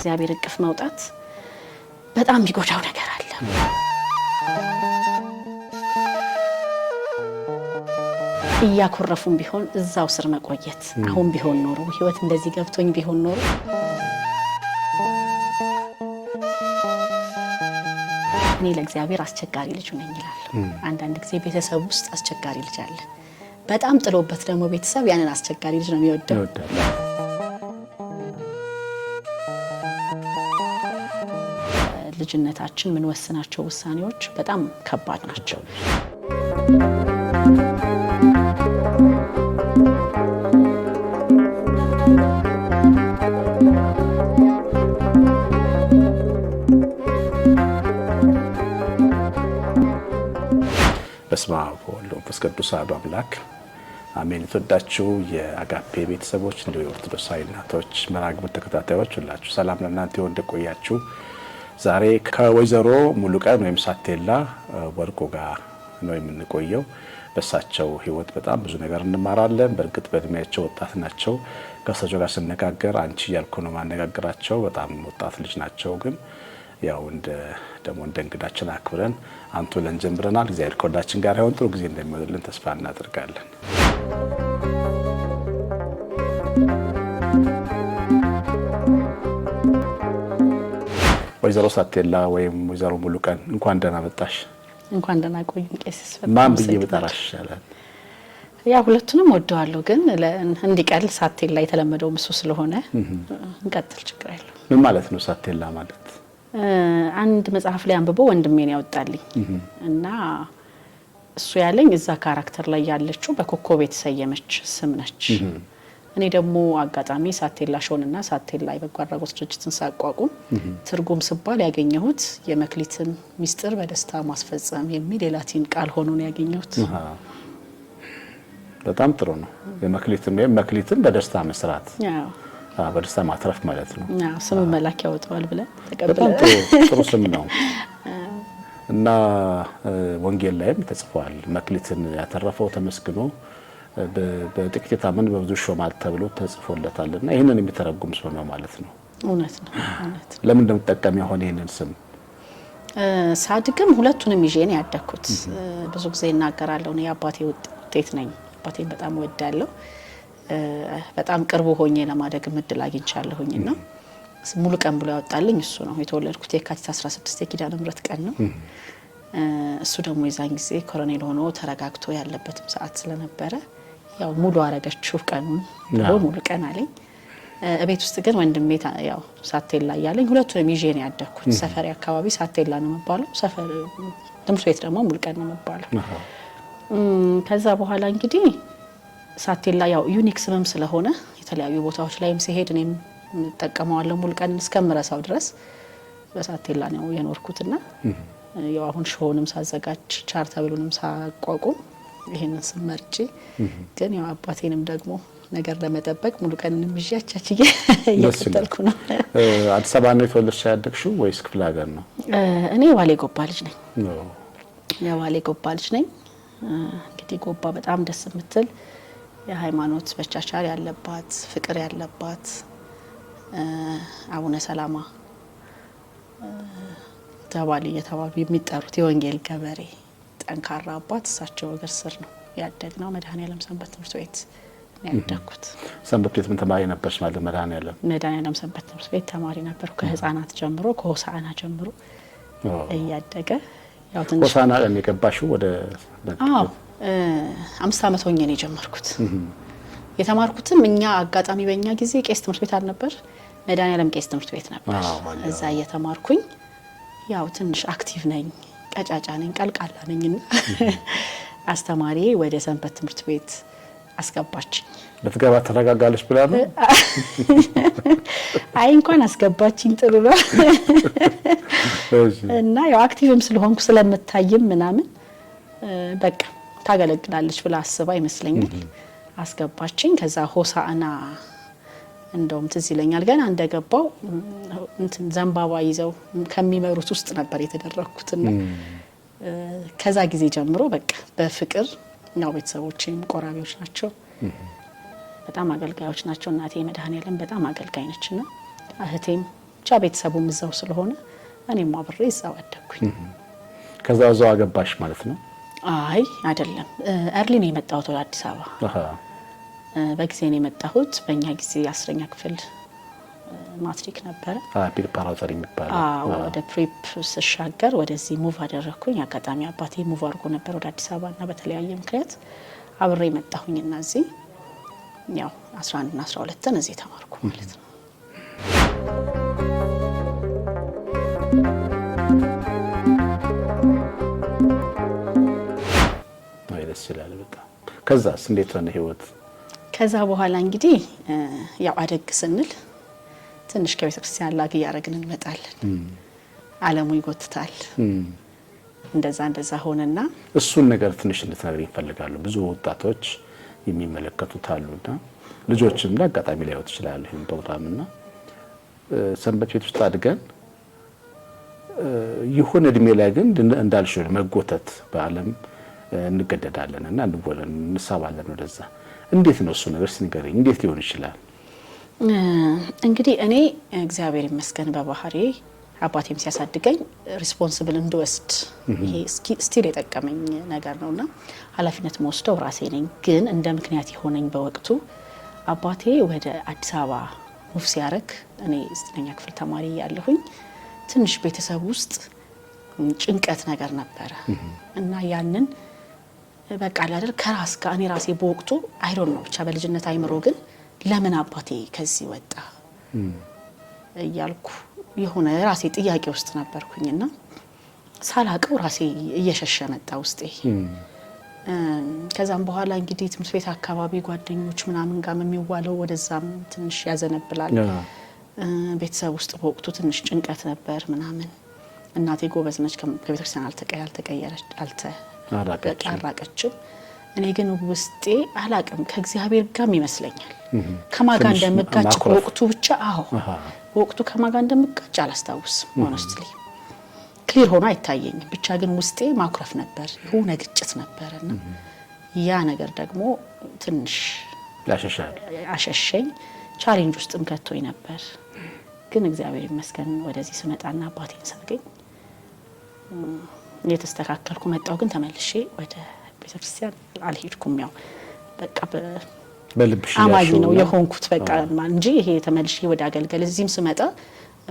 ከእግዚአብሔር እቅፍ መውጣት በጣም የሚጎዳው ነገር አለ። እያኮረፉም ቢሆን እዛው ስር መቆየት አሁን ቢሆን ኖሮ ህይወት እንደዚህ ገብቶኝ ቢሆን ኖሮ እኔ ለእግዚአብሔር አስቸጋሪ ልጅ ነኝ ይላል። አንዳንድ ጊዜ ቤተሰብ ውስጥ አስቸጋሪ ልጅ አለ። በጣም ጥሎበት ደግሞ ቤተሰብ ያንን አስቸጋሪ ልጅ ነው የሚወደው። በልጅነታችን የምንወስናቸው ውሳኔዎች በጣም ከባድ ናቸው። በስመ አብ ወወልድ ወመንፈስ ቅዱስ አሐዱ አምላክ አሜን። የተወዳችሁ የአጋፔ ቤተሰቦች እንዲሁ የኦርቶዶክስ እናቶች መርሃ ግብር ተከታታዮች ሁላችሁ ሰላም ለእናንተ ይሁን። እንደቆያችሁ ዛሬ ከወይዘሮ ሙሉቀን ወይም ሳቴላ ወርቁ ጋር ነው የምንቆየው። በእሳቸው ህይወት በጣም ብዙ ነገር እንማራለን። በእርግጥ በእድሜያቸው ወጣት ናቸው። ከእሳቸው ጋር ስነጋገር አንቺ እያልኩ ነው ማነጋግራቸው። በጣም ወጣት ልጅ ናቸው ግን ያው እንደ ደግሞ እንደ እንግዳችን አክብረን አንቱ ለን ጀምረናል። እግዚአብሔር ከሁላችን ጋር ይሁን። ጥሩ ጊዜ እንደሚወልልን ተስፋ እናደርጋለን። ወይዘሮ ሳቴላ ወይም ወይዘሮ ሙሉቀን እንኳን ደህና መጣሽ። እንኳን ደህና ቆዩ ቄስ ማን ብዬ ብጠራሽ ይሻላል? ያ ሁለቱንም ወደዋለሁ፣ ግን እንዲቀል ሳቴላ የተለመደው ምሱ ስለሆነ እንቀጥል፣ ችግር የለውም። ምን ማለት ነው ሳቴላ ማለት? አንድ መጽሐፍ ላይ አንብቦ ወንድሜን ያወጣልኝ እና እሱ ያለኝ እዛ ካራክተር ላይ ያለችው በኮከብ የተሰየመች ስም ነች። እኔ ደግሞ አጋጣሚ ሳቴላ ሾንና ሳቴላ የበጎ አድራጎት ድርጅትን ሳቋቁም ትርጉም ስባል ያገኘሁት የመክሊትን ሚስጥር በደስታ ማስፈጸም የሚል የላቲን ቃል ሆኖ ነው ያገኘሁት። በጣም ጥሩ ነው። የመክሊትን ወይም መክሊትን በደስታ መስራት በደስታ ማትረፍ ማለት ነው። ስም መላክ ያወጣዋል ብለን ተቀብለን ጥሩ ስም ነው እና ወንጌል ላይም ተጽፏል። መክሊትን ያተረፈው ተመስግኖ በጥቂት አመን በብዙ ሾማል ተብሎ ተጽፎለታል እና ይህንን የሚተረጉም ሰው ነው ማለት ነው። እውነት ነው። ለምን እንደምትጠቀም የሆነ ይህንን ስም ሳድግም ሁለቱንም ይዤ ነው ያደግኩት። ብዙ ጊዜ እናገራለሁ እኔ የአባቴ ውጤት ነኝ። አባቴን በጣም ወዳለሁ። በጣም ቅርቡ ሆኜ ለማደግ እድል አግኝቻለሁኝ እና ሙሉ ቀን ብሎ ያወጣልኝ እሱ ነው። የተወለድኩት የካቲት 16 የኪዳነ ምሕረት ቀን ነው። እሱ ደግሞ የዛን ጊዜ ኮሎኔል ሆኖ ተረጋግቶ ያለበትም ሰዓት ስለነበረ ያው ሙሉ አረገችው ቀኑን ብሎ ሙሉ ቀን አለኝ። እቤት ውስጥ ግን ወንድሜ ያው ሳቴላ እያለኝ ሁለቱንም ይዤ ነው ያደግኩት። ሰፈሪ አካባቢ ሳቴላ ነው የሚባለው፣ ትምህርት ቤት ደግሞ ሙሉ ቀን ነው የሚባለው። ከዛ በኋላ እንግዲህ ሳቴላ ያው ዩኒክ ስምም ስለሆነ የተለያዩ ቦታዎች ላይም ሲሄድ እኔም እጠቀመዋለሁ ሙሉ ቀን እስከምረሳው ድረስ በሳቴላ ነው የኖርኩትና ያው አሁን ሾውንም ሳዘጋጅ ቻርተብሉንም ሳቋቁም ይሄንን ስመርጬ ግን ያው አባቴንም ደግሞ ነገር ለመጠበቅ ሙሉ ቀንንም ይዤ አቻችዬ ነው። አዲስ አበባ ነው የተወለድሽ ያደግሽው ወይስ ክፍለ ሀገር ነው? እኔ ዋሌ ጎባ ልጅ ነኝ። የዋሌ ጎባ ልጅ ነኝ። እንግዲህ ጎባ በጣም ደስ የምትል የሃይማኖት መቻቻል ያለባት ፍቅር ያለባት አቡነ ሰላማ ተባሉ እየተባሉ የሚጠሩት የወንጌል ገበሬ ጠንካራ አባት እሳቸው እግር ስር ነው ያደግነው። መድኃኔዓለም ሰንበት ትምህርት ቤት ነው ያደግኩት። ሰንበት ቤት ምን ተማሪ ነበርሽ ማለት መድኃኔዓለም? መድኃኔዓለም ሰንበት ትምህርት ቤት ተማሪ ነበርኩ። ከህፃናት ጀምሮ ከሆሳዕና ጀምሮ እያደገ ሆሳዕና የገባሽው ወደ አምስት ዓመት ሆኜ ነው የጀመርኩት። የተማርኩትም እኛ አጋጣሚ በእኛ ጊዜ ቄስ ትምህርት ቤት አልነበር፣ መድኃኔዓለም ቄስ ትምህርት ቤት ነበር። እዛ እየተማርኩኝ ያው ትንሽ አክቲቭ ነኝ ቀጫጫ ነኝ፣ ቀልቃላ ነኝና አስተማሪ ወደ ሰንበት ትምህርት ቤት አስገባችኝ። ልትገባ ተረጋጋለች ብላ ነው? አይ እንኳን አስገባችኝ ጥሩ ነው። እና ያው አክቲቭም ስለሆንኩ ስለምታይም ምናምን በቃ ታገለግላለች ብላ አስባ ይመስለኛል አስገባችኝ። ከዛ ሆሳዕና እንደውም ትዝ ይለኛል ገና እንደገባው እንትን ዘንባባ ይዘው ከሚመሩት ውስጥ ነበር የተደረግኩትና ከዛ ጊዜ ጀምሮ በቃ በፍቅር ያው ቤተሰቦቼም ቆራቢዎች ናቸው፣ በጣም አገልጋዮች ናቸው። እናቴ መድኃኔዓለም በጣም አገልጋይ ነች እና እህቴም ብቻ ቤተሰቡም እዛው ስለሆነ እኔም አብሬ እዛው አደግኩኝ። ከዛ እዛው አገባሽ ማለት ነው? አይ አይደለም፣ ኤርሊ ነው የመጣሁት ወደ አዲስ አበባ በጊዜ ነው የመጣሁት። በእኛ ጊዜ አስረኛ ክፍል ማትሪክ ነበረ ፕሪፓራተር የሚባለው። ወደ ፕሪፕ ስሻገር ወደዚህ ሙቭ አደረግኩኝ። አጋጣሚ አባቴ ሙቭ አድርጎ ነበር ወደ አዲስ አበባ እና በተለያየ ምክንያት አብሬ መጣሁኝ እና እዚህ ያው 11 እና 12 እዚህ ተማርኩ ማለት ነው። ደስ ይላል በጣም። ከዛስ እንዴት ሆነ ህይወት? ከዛ በኋላ እንግዲህ ያው አደግ ስንል ትንሽ ከቤተክርስቲያን ላግ እያደረግን እንመጣለን። አለሙ ይጎትታል። እንደዛ እንደዛ ሆነና እሱን ነገር ትንሽ እንድትነግር ይፈልጋሉ። ብዙ ወጣቶች የሚመለከቱት አሉና ልጆችም ለአጋጣሚ ላይወት ይችላል ይህን ፕሮግራም እና ሰንበት ቤት ውስጥ አድገን ይሁን እድሜ ላይ ግን እንዳልሽ መጎተት በአለም እንገደዳለን እና እንወለን እንሳባለን ወደዛ እንዴት ነው እሱ ነገር ስንገረኝ፣ እንዴት ሊሆን ይችላል? እንግዲህ እኔ እግዚአብሔር ይመስገን በባህሪ አባቴም ሲያሳድገኝ ሪስፖንስብል እንድወስድ ይሄ ስቲል የጠቀመኝ ነገር ነው እና ኃላፊነት መወስደው ራሴ ነኝ። ግን እንደ ምክንያት የሆነኝ በወቅቱ አባቴ ወደ አዲስ አበባ ሙፍ ሲያደርግ እኔ ዘጠነኛ ክፍል ተማሪ ያለሁኝ ትንሽ ቤተሰብ ውስጥ ጭንቀት ነገር ነበረ እና ያንን በቃ ከራስ ጋር እኔ ራሴ በወቅቱ አይሮን ነው ብቻ በልጅነት አይምሮ ግን ለምን አባቴ ከዚህ ወጣ እያልኩ የሆነ ራሴ ጥያቄ ውስጥ ነበርኩኝና ሳላቀው ራሴ እየሸሸ መጣ ውስጤ። ከዛም በኋላ እንግዲህ ትምህርት ቤት አካባቢ ጓደኞች ምናምን ጋር የሚዋለው ወደዛም ትንሽ ያዘነብላል። ቤተሰብ ውስጥ በወቅቱ ትንሽ ጭንቀት ነበር ምናምን። እናቴ ጎበዝ ነች፣ ከቤተክርስቲያን አራቀችው። እኔ ግን ውስጤ አላቅም ከእግዚአብሔር ጋም ይመስለኛል ከማጋ እንደምጋጭ ወቅቱ ብቻ አዎ ወቅቱ ከማጋ እንደምጋጭ አላስታውስም። ሆነስትሊ ክሊር ሆኖ አይታየኝም። ብቻ ግን ውስጤ ማኩረፍ ነበር፣ የሆነ ግጭት ነበር እና ያ ነገር ደግሞ ትንሽ አሸሸኝ፣ ቻሌንጅ ውስጥም ከቶኝ ነበር። ግን እግዚአብሔር ይመስገን ወደዚህ ስመጣና አባቴን ሳገኝ እየተስተካከልኩ መጣሁ። ግን ተመልሼ ወደ ቤተክርስቲያን አልሄድኩም። ያው በቃ አማኝ ነው የሆንኩት በቃ እንጂ ይሄ ተመልሼ ወደ አገልገል እዚህም ስመጣ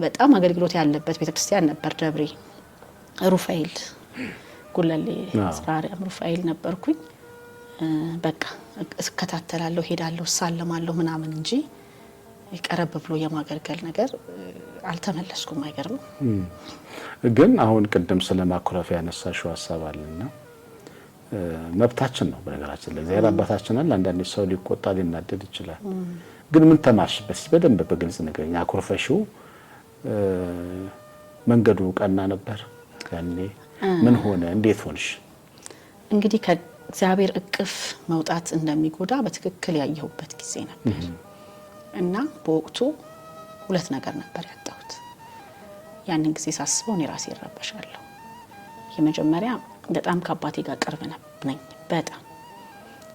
በጣም አገልግሎት ያለበት ቤተክርስቲያን ነበር። ደብሬ ሩፋኤል ጉለሌ ስራሪያም ሩፋኤል ነበርኩኝ። በቃ እከታተላለሁ፣ ሄዳለሁ፣ እሳለማለሁ ምናምን እንጂ ቀረብ ብሎ የማገልገል ነገር አልተመለስኩም። አይገርም ግን አሁን ቅድም ስለ ማኩረፍ ያነሳሽው ሀሳብ አለና መብታችን ነው። በነገራችን አባታችን አለ አንዳንድ ሰው ሊቆጣ ሊናደድ ይችላል። ግን ምን ተማርሽበት? በደንብ በግልጽ ንገሪኝ። አኩርፈሽው መንገዱ ቀና ነበር? ያኔ ምን ሆነ? እንዴት ሆንሽ? እንግዲህ ከእግዚአብሔር እቅፍ መውጣት እንደሚጎዳ በትክክል ያየሁበት ጊዜ ነበር እና በወቅቱ ሁለት ነገር ነበር ያጣሁት። ያንን ጊዜ ሳስበው እኔ ራሴ ይረበሻለሁ። የመጀመሪያ በጣም ከአባቴ ጋር ቅርብ ነኝ በጣም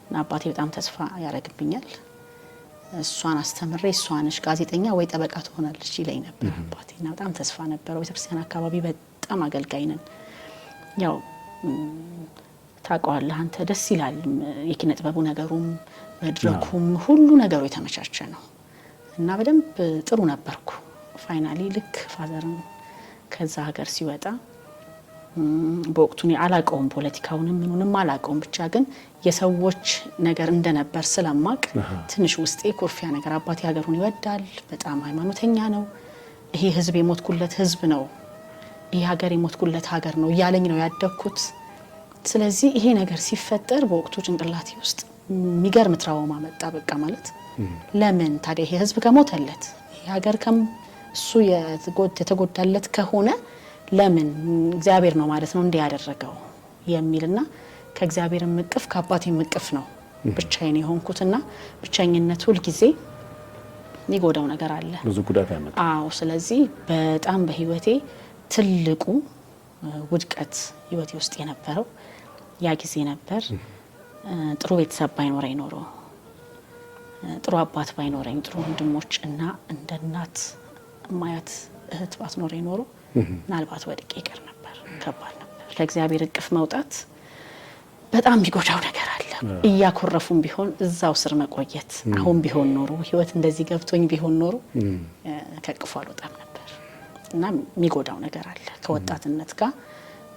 እና አባቴ በጣም ተስፋ ያደርግብኛል። እሷን አስተምሬ እሷ ነች ጋዜጠኛ ወይ ጠበቃ ትሆናለች ይለኝ ነበር አባቴ እና በጣም ተስፋ ነበረው። ቤተክርስቲያን አካባቢ በጣም አገልጋይ ነን። ያው ታውቀዋለህ አንተ ደስ ይላል። የኪነ ጥበቡ ነገሩም መድረኩም ሁሉ ነገሩ የተመቻቸ ነው። እና በደንብ ጥሩ ነበርኩ። ፋይናሊ ልክ ፋዘር ከዛ ሀገር ሲወጣ በወቅቱ አላቀውም፣ ፖለቲካውንም ምኑንም አላቀውም። ብቻ ግን የሰዎች ነገር እንደነበር ስለማቅ ትንሽ ውስጤ ኩርፊያ ነገር አባቴ ሀገሩን ይወዳል፣ በጣም ሃይማኖተኛ ነው፣ ይሄ ህዝብ የሞትኩለት ህዝብ ነው፣ ይህ ሀገር የሞትኩለት ሀገር ነው እያለኝ ነው ያደግኩት። ስለዚህ ይሄ ነገር ሲፈጠር በወቅቱ ጭንቅላቴ ውስጥ የሚገርም ትራውማ መጣ። በቃ ማለት ለምን ታዲያ ይሄ ህዝብ ከሞተለት ሀገር እሱ የተጎዳለት ከሆነ ለምን እግዚአብሔር ነው ማለት ነው እንዲህ ያደረገው የሚልና ከእግዚአብሔር ምቅፍ ከአባቴ ምቅፍ ነው ብቻዬን የሆንኩትና ብቸኝነት ሁልጊዜ የሚጎዳው ነገር አለ፣ ብዙ ጉዳት ያመጣል። አዎ። ስለዚህ በጣም በህይወቴ ትልቁ ውድቀት ህይወቴ ውስጥ የነበረው ያ ጊዜ ነበር። ጥሩ ቤተሰብ ባይኖረኝ ኖሮ ጥሩ አባት ባይኖረኝ ጥሩ ወንድሞች እና እንደ እናት ማያት እህት ባትኖረኝ ኖሮ ምናልባት ወድቄ ይቀር ነበር። ከባድ ነበር። ከእግዚአብሔር እቅፍ መውጣት በጣም የሚጎዳው ነገር አለ። እያኮረፉም ቢሆን እዛው ስር መቆየት አሁን ቢሆን ኖሮ ህይወት እንደዚህ ገብቶኝ ቢሆን ኖሮ ከቅፎ አልወጣም ነበር እና የሚጎዳው ነገር አለ ከወጣትነት ጋር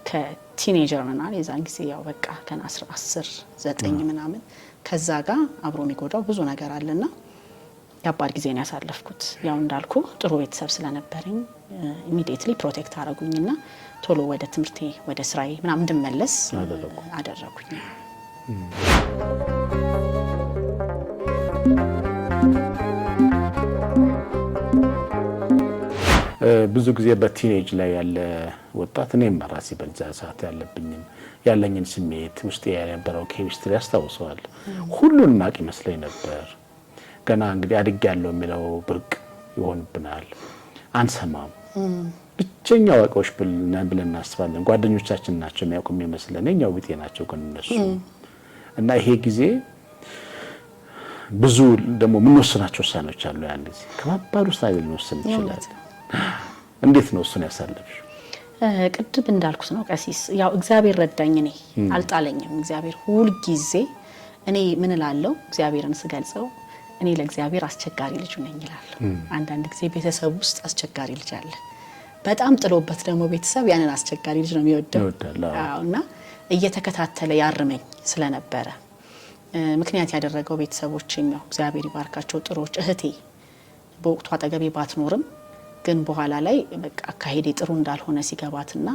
ከቲኔጀር ምናል የዛን ጊዜ ያው በቃ ገና አስር ዘጠኝ ምናምን ከዛ ጋር አብሮ የሚጎዳው ብዙ ነገር አለና የአባድ ጊዜ ነው ያሳለፍኩት። ያው እንዳልኩ ጥሩ ቤተሰብ ስለነበረኝ ኢሚዲየትሊ ፕሮቴክት አረጉኝና ቶሎ ወደ ትምህርቴ ወደ ስራዬ ምናምን እንድመለስ አደረጉኝ። ብዙ ጊዜ በቲኔጅ ላይ ያለ ወጣት እኔም ራሴ በዛ ሰዓት ያለብኝም ያለኝን ስሜት ውስጥ የነበረው ኬሚስትሪ ያስታውሰዋል። ሁሉን ማቅ ይመስለኝ ነበር። ገና እንግዲህ አድግ ያለው የሚለው ብርቅ ይሆንብናል፣ አንሰማም። ብቸኛ አዋቂዎች ብለን እናስባለን። ጓደኞቻችን ናቸው የሚያውቁ የሚመስለን፣ የእኛው ቢጤ ናቸው ግን እነሱ እና ይሄ ጊዜ ብዙ ደግሞ የምንወስናቸው ውሳኔዎች አሉ። ያን ጊዜ ከባባድ ውሳኔ ልንወስን እንችላለን። እንዴት ነው እሱን ያሳለፍሽ? ቅድም እንዳልኩት ነው ቀሲስ፣ ያው እግዚአብሔር ረዳኝ፣ እኔ አልጣለኝም። እግዚአብሔር ሁልጊዜ እኔ ምን እላለሁ እግዚአብሔርን ስገልጸው እኔ ለእግዚአብሔር አስቸጋሪ ልጅ ነኝ ይላለሁ። አንዳንድ ጊዜ ቤተሰብ ውስጥ አስቸጋሪ ልጅ አለ። በጣም ጥሎበት ደግሞ ቤተሰብ ያንን አስቸጋሪ ልጅ ነው የሚወደው እና እየተከታተለ ያርመኝ ስለነበረ ምክንያት ያደረገው ቤተሰቦች ያው እግዚአብሔር ይባርካቸው ጥሮች እህቴ በወቅቱ አጠገቤ ባትኖርም ግን በኋላ ላይ በቃ አካሄዴ ጥሩ እንዳልሆነ ሲገባትና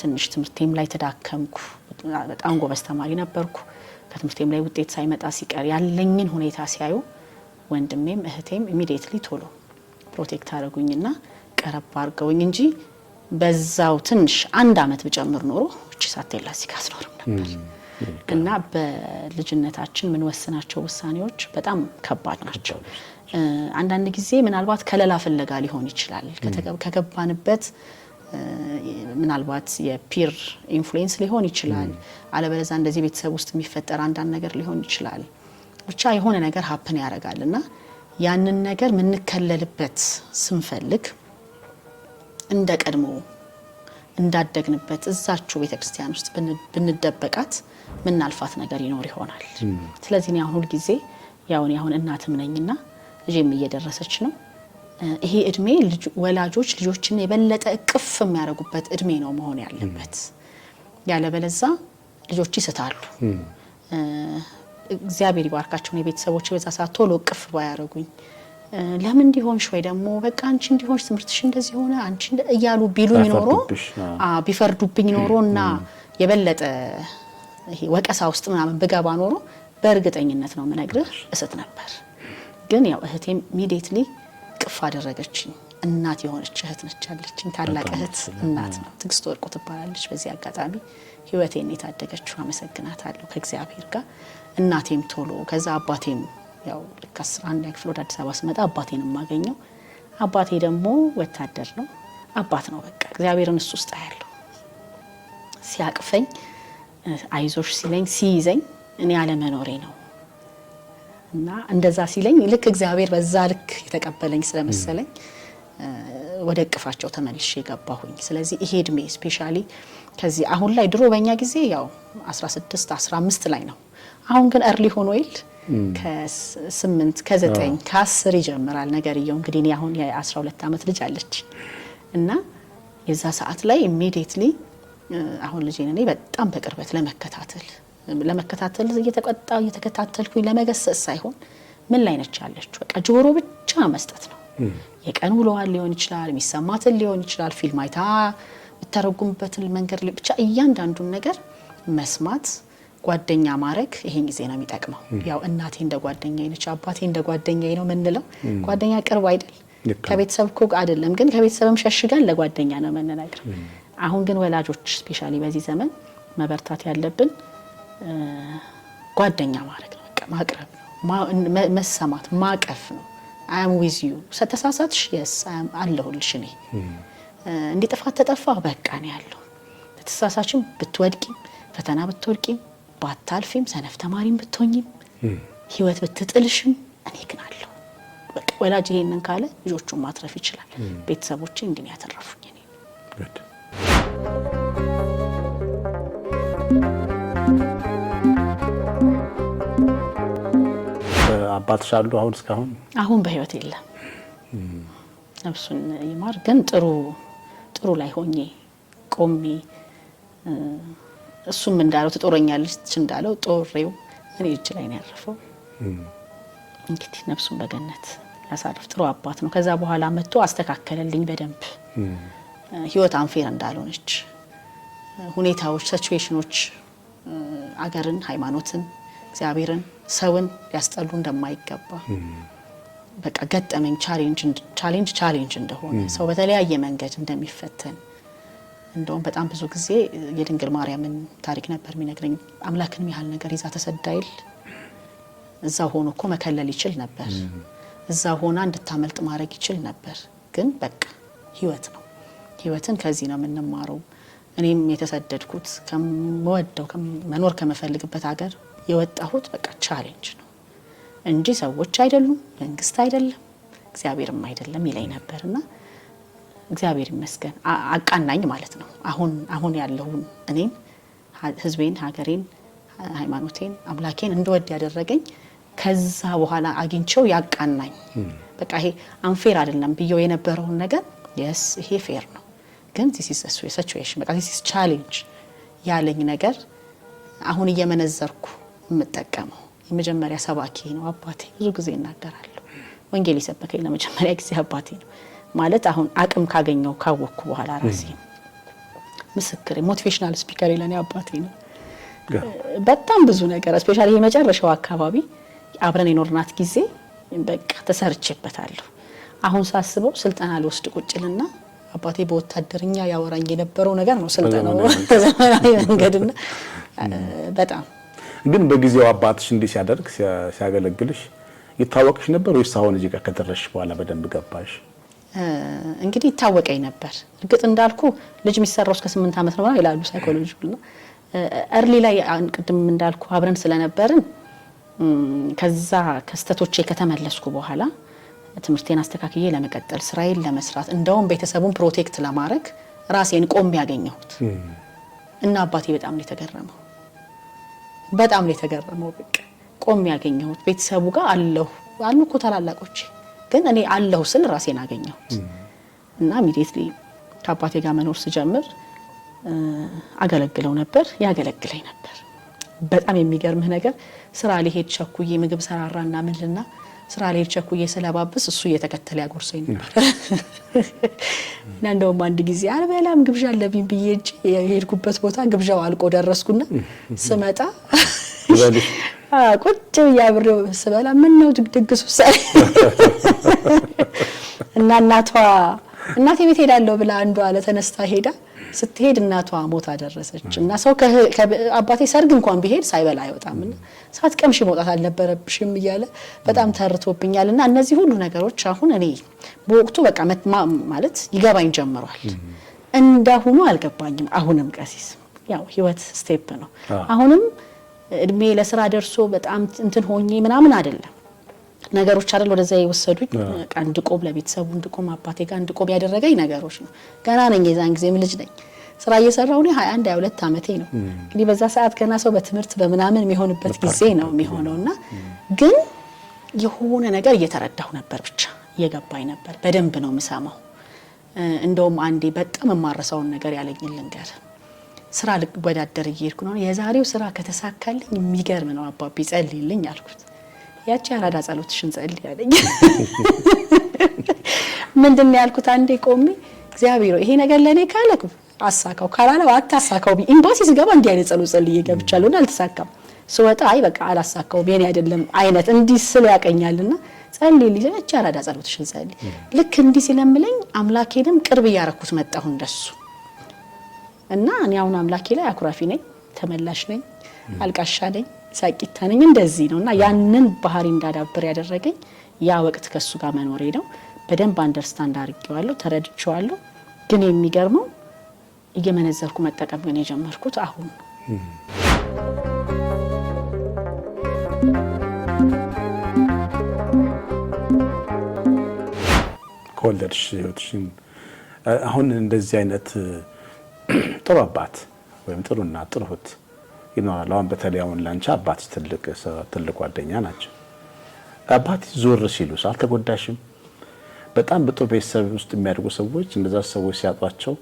ትንሽ ትምህርቴም ላይ ተዳከምኩ። በጣም ጎበዝ ተማሪ ነበርኩ። ከትምህርቴም ላይ ውጤት ሳይመጣ ሲቀር ያለኝን ሁኔታ ሲያዩ ወንድሜም እህቴም ኢሚዲየትሊ ቶሎ ፕሮቴክት አድረጉኝና ቀረብ አድርገውኝ እንጂ በዛው ትንሽ አንድ አመት ብጨምር ኖሮ ውጭ ሳቴላ ሲጋ አስኖርም ነበር እና በልጅነታችን የምንወስናቸው ውሳኔዎች በጣም ከባድ ናቸው። አንዳንድ ጊዜ ምናልባት ከለላ ፍለጋ ሊሆን ይችላል። ከገባንበት ምናልባት የፒር ኢንፍሉዌንስ ሊሆን ይችላል። አለበለዛ እንደዚህ ቤተሰብ ውስጥ የሚፈጠር አንዳንድ ነገር ሊሆን ይችላል። ብቻ የሆነ ነገር ሀፕን ያደርጋል እና ያንን ነገር የምንከለልበት ስንፈልግ እንደ ቀድሞ እንዳደግንበት እዛችሁ ቤተ ክርስቲያን ውስጥ ብንደበቃት ምናልፋት ነገር ይኖር ይሆናል። ስለዚህ እኔ አሁን ሁልጊዜ ያሁን እናትም ነኝና ልጄም እየደረሰች ነው። ይሄ እድሜ ወላጆች ልጆችን የበለጠ እቅፍ የሚያደርጉበት እድሜ ነው መሆን ያለበት። ያለበለዛ ልጆች ይስታሉ። እግዚአብሔር ይባርካቸውን የቤተሰቦች በዛ ሰዓት ቶሎ እቅፍ ባያደርጉኝ ለምን እንዲሆንሽ ወይ ደግሞ በቃ አንቺ እንዲሆንሽ ትምህርትሽ እንደዚህ ሆነ አንቺ እያሉ ቢሉኝ ኖሮ ቢፈርዱብኝ ኖሮ እና የበለጠ ወቀሳ ውስጥ ምናምን ብገባ ኖሮ በእርግጠኝነት ነው የምነግርህ እስት ነበር። ግን ያው እህቴ ኢሚዲየትሊ ቅፍ አደረገችኝ። እናት የሆነች እህት ነች ያለችኝ፣ ታላቅ እህት እናት ነው። ትግስት ወርቁ ትባላለች። በዚህ አጋጣሚ ህይወቴን የታደገችው አመሰግናታለሁ ከእግዚአብሔር ጋር። እናቴም ቶሎ ከዛ አባቴም ያው ልክ አስራ አንድ ክፍል ወደ አዲስ አበባ ስመጣ አባቴን የማገኘው አባቴ ደግሞ ወታደር ነው። አባት ነው በቃ እግዚአብሔርን እሱ ውስጥ ያለው ሲያቅፈኝ አይዞሽ ሲለኝ ሲይዘኝ እኔ አለመኖሬ ነው እና እንደዛ ሲለኝ ልክ እግዚአብሔር በዛ ልክ የተቀበለኝ ስለመሰለኝ ወደ እቅፋቸው ተመልሼ ገባሁኝ። ስለዚህ ይሄ እድሜ ስፔሻሊ ከዚህ አሁን ላይ ድሮ በእኛ ጊዜ ያው 16 15 ላይ ነው። አሁን ግን እርሊ ሆኖ ይል ከስምንት ከዘጠኝ ከአስር ይጀምራል ነገርየው። እንግዲህ እኔ አሁን የ12 ዓመት ልጅ አለች እና የዛ ሰዓት ላይ ኢሚዲየትሊ አሁን ልጄን እኔ በጣም በቅርበት ለመከታተል ለመከታተል እየተቆጣ እየተከታተልኩኝ ለመገሰጽ ሳይሆን ምን ላይ ነች ያለች፣ በቃ ጆሮ ብቻ መስጠት ነው። የቀን ውለዋል ሊሆን ይችላል፣ የሚሰማትን ሊሆን ይችላል፣ ፊልም አይታ የምተረጉምበትን መንገድ ብቻ እያንዳንዱን ነገር መስማት፣ ጓደኛ ማድረግ ይሄን ጊዜ ነው የሚጠቅመው። ያው እናቴ እንደ ጓደኛዬ ነች፣ አባቴ እንደ ጓደኛዬ ነው የምንለው። ጓደኛ ቅርብ አይደል ከቤተሰብ እኮ አይደለም፣ ግን ከቤተሰብም ሸሽገን ለጓደኛ ነው የምንነግረው። አሁን ግን ወላጆች ስፔሻሊ በዚህ ዘመን መበርታት ያለብን ጓደኛ ማድረግ ነው፣ በቃ ማቅረብ ነው፣ መሰማት ማቀፍ ነው። አም ዊዝ ዩ ተሳሳትሽ፣ የስ አለሁልሽ። እኔ እንዲህ ጥፋት ተጠፋ በቃ ነው ያለው። ተሳሳችም ብትወድቂም ፈተና ብትወድቂም ባታልፊም ሰነፍ ተማሪም ብትሆኝም ህይወት ብትጥልሽም እኔ ግን አለሁ። በቃ ወላጅ ይሄንን ካለ ልጆቹን ማትረፍ ይችላል። ቤተሰቦቼ እንዲህ ያተረፉኝ እኔ አባትሽ አሉ? አሁን እስካሁን አሁን በህይወት የለም። ነፍሱን ይማር። ግን ጥሩ ጥሩ ላይ ሆኜ ቆሜ እሱም እንዳለው ትጦረኛለች እንዳለው ጦሬው እኔ እጅ ላይ ነው ያረፈው። እንግዲህ ነፍሱን በገነት ያሳርፍ። ጥሩ አባት ነው። ከዛ በኋላ መጥቶ አስተካከለልኝ በደንብ ህይወት አንፌር እንዳልሆነች ሁኔታዎች፣ ሲቹዌሽኖች አገርን፣ ሃይማኖትን እግዚአብሔርን ሰውን ሊያስጠሉ እንደማይገባ በቃ ገጠመኝ ቻሌንጅ ቻሌንጅ እንደሆነ ሰው በተለያየ መንገድ እንደሚፈተን እንደውም በጣም ብዙ ጊዜ የድንግል ማርያምን ታሪክ ነበር የሚነግረኝ። አምላክንም ያህል ነገር ይዛ ተሰዳይል እዛ ሆኖ እኮ መከለል ይችል ነበር። እዛ ሆና እንድታመልጥ ማድረግ ይችል ነበር። ግን በቃ ህይወት ነው። ህይወትን ከዚህ ነው የምንማረው። እኔም የተሰደድኩት ከምወደው መኖር ከመፈልግበት ሀገር የወጣሁት በቃ ቻሌንጅ ነው እንጂ ሰዎች አይደሉም፣ መንግስት አይደለም፣ እግዚአብሔርም አይደለም ይለኝ ነበር እና እግዚአብሔር ይመስገን አቃናኝ ማለት ነው። አሁን አሁን ያለውን እኔን፣ ህዝቤን፣ ሀገሬን፣ ሃይማኖቴን፣ አምላኬን እንደወድ ያደረገኝ ከዛ በኋላ አግኝቸው ያቃናኝ በቃ ይሄ አንፌር አይደለም ብየው የነበረውን ነገር የስ ይሄ ፌር ነው ግን ሲሲሽን በቃ ሲስ ቻሌንጅ ያለኝ ነገር አሁን እየመነዘርኩ የምጠቀመው የመጀመሪያ ሰባኪ ነው አባቴ። ብዙ ጊዜ እናገራለሁ። ወንጌል የሰበከኝ ለመጀመሪያ ጊዜ አባቴ ነው ማለት አሁን አቅም ካገኘው ካወቅኩ በኋላ ራሴ ምስክር ሞቲቬሽናል ስፒከር ለኔ አባቴ ነው። በጣም ብዙ ነገር ስፔሻሊ የመጨረሻው አካባቢ አብረን የኖርናት ጊዜ በቃ ተሰርቼበታለሁ። አሁን ሳስበው ስልጠና ልወስድ ቁጭልና አባቴ በወታደርኛ ያወራኝ የነበረው ነገር ነው። ስልጠናው በዘመናዊ መንገድና በጣም ግን በጊዜው አባትሽ እንዲህ ሲያደርግ ሲያገለግልሽ ይታወቅሽ ነበር ወይስ አሁን እዚህ ጋር ከደረስሽ በኋላ በደንብ ገባሽ? እንግዲህ ይታወቀኝ ነበር። እርግጥ እንዳልኩ ልጅ የሚሰራው እስከ ስምንት ዓመት ነው ይላሉ ሳይኮሎጂ ሁሉ እርሊ ላይ ቅድም እንዳልኩ አብረን ስለነበርን ከዛ ከስተቶቼ ከተመለስኩ በኋላ ትምህርቴን አስተካክዬ ለመቀጠል ስራዬን ለመስራት እንደውም ቤተሰቡን ፕሮቴክት ለማድረግ ራሴን ቆም ያገኘሁት እና አባቴ በጣም ነው የተገረመው። በጣም ነው የተገረመው። በቃ ቆም ያገኘሁት ቤተሰቡ ጋር አለሁ አሉ እኮ ታላላቆቼ፣ ግን እኔ አለሁ ስል ራሴን አገኘሁት እና ኢሚዲየትሊ ከአባቴ ጋር መኖር ስጀምር አገለግለው ነበር፣ ያገለግለኝ ነበር። በጣም የሚገርምህ ነገር ስራ ሊሄድ ቸኩዬ ምግብ ሰራራና ምንልና ስራ ላይ ቸኩዬ ስለባብስ እሱ እየተከተለ ያጎርሰኝ ነበር እና እንደውም አንድ ጊዜ አልበላም ግብዣ አለብኝ ብዬ እጅ የሄድኩበት ቦታ ግብዣው አልቆ ደረስኩና ስመጣ ቁጭ ብዬ አብሬው ስበላ ምን ነው ድግሱ ሳይ እና እናቷ እናቴ ቤት ሄዳለሁ ብላ አንዷ ለተነስታ ሄዳ ስትሄድ እናቷ ሞት አደረሰች እና ሰው አባቴ ሰርግ እንኳን ቢሄድ ሳይበላ አይወጣም እና ሺ መውጣት አልነበረብሽም እያለ በጣም ተርቶብኛል። እና እነዚህ ሁሉ ነገሮች አሁን እኔ በወቅቱ በቃ ማለት ይገባኝ ጀምሯል። እንዳሁኑ አልገባኝም። አሁንም ቀሲስ ያው ህይወት ስቴፕ ነው። አሁንም እድሜ ለስራ ደርሶ በጣም እንትን ሆኜ ምናምን አይደለም ነገሮች አይደል ወደዛ የወሰዱኝ። በቃ እንድቆም ለቤተሰቡ እንድቆም አባቴ ጋር እንድቆም ያደረገኝ ነገሮች ነው። ገና ነኝ፣ የዛን ጊዜም ልጅ ነኝ። ስራ እየሰራሁ እኔ 21 22 ዓመቴ ነው እንግዲህ በዛ ሰዓት ገና ሰው በትምህርት በምናምን የሚሆንበት ጊዜ ነው የሚሆነው እና ግን የሆነ ነገር እየተረዳሁ ነበር፣ ብቻ እየገባኝ ነበር። በደንብ ነው የምሰማው። እንደውም አንዴ በጣም የማረሳውን ነገር ያለኝን ልንገር። ስራ ልወዳደር እየሄድኩ ነው። የዛሬው ስራ ከተሳካልኝ የሚገርም ነው አባቢ ጸልይልኝ አልኩት። ያቺ አራዳ ጸሎትሽን ጸልይ አለኝ። ምንድን ነው ያልኩት? አንዴ ቆሜ እግዚአብሔር ይሄ ነገር ለእኔ ካለክ አሳካው ካላለው አታሳካው። ኢምባሲ ስገባ እንዲህ አይነት ጸሎት ጸልዬ ገብቻለሁና አልተሳካም። ስወጣ አይ በቃ አላሳካውም የኔ አይደለም አይነት እንዲህ ስል ያቀኛልና ጸልይ ልጅ ያቺ አራዳ ጸሎትሽን ጸልይ። ልክ እንዲህ ሲለምለኝ አምላኬንም ቅርብ እያረኩት መጣሁ እንደሱ እና እኔ አሁን አምላኬ ላይ አኩራፊ ነኝ፣ ተመላሽ ነኝ፣ አልቃሻ ነኝ ሳቂታ ነኝ እንደዚህ ነው እና ያንን ባህሪ እንዳዳብር ያደረገኝ ያ ወቅት ከሱ ጋር መኖሬ ነው። በደንብ አንደርስታንድ አድርጌዋለሁ፣ ተረድቼዋለሁ። ግን የሚገርመው እየመነዘርኩ መጠቀም ግን የጀመርኩት አሁን ከወለድሽ ህይወትሽን አሁን እንደዚህ አይነት ጥሩ አባት ወይም ጥሩ እናት ጥሩ እህት ይኖራል። አሁን በተለይ አሁን ላንቺ አባትሽ ትልቅ ጓደኛ ናቸው። አባትሽ ዞር ሲሉስ አልተጎዳሽም? በጣም በጥሩ ቤተሰብ ውስጥ የሚያድጉ ሰዎች እንደዛ ሰዎች ሲያጧቸው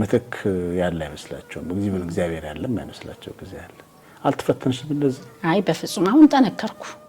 ምትክ ያለ አይመስላቸውም። እግዚአብሔር ያለም አይመስላቸው ጊዜ አለ። አልተፈተንሽም እንደዚህ? አይ በፍጹም አሁን ጠነከርኩ።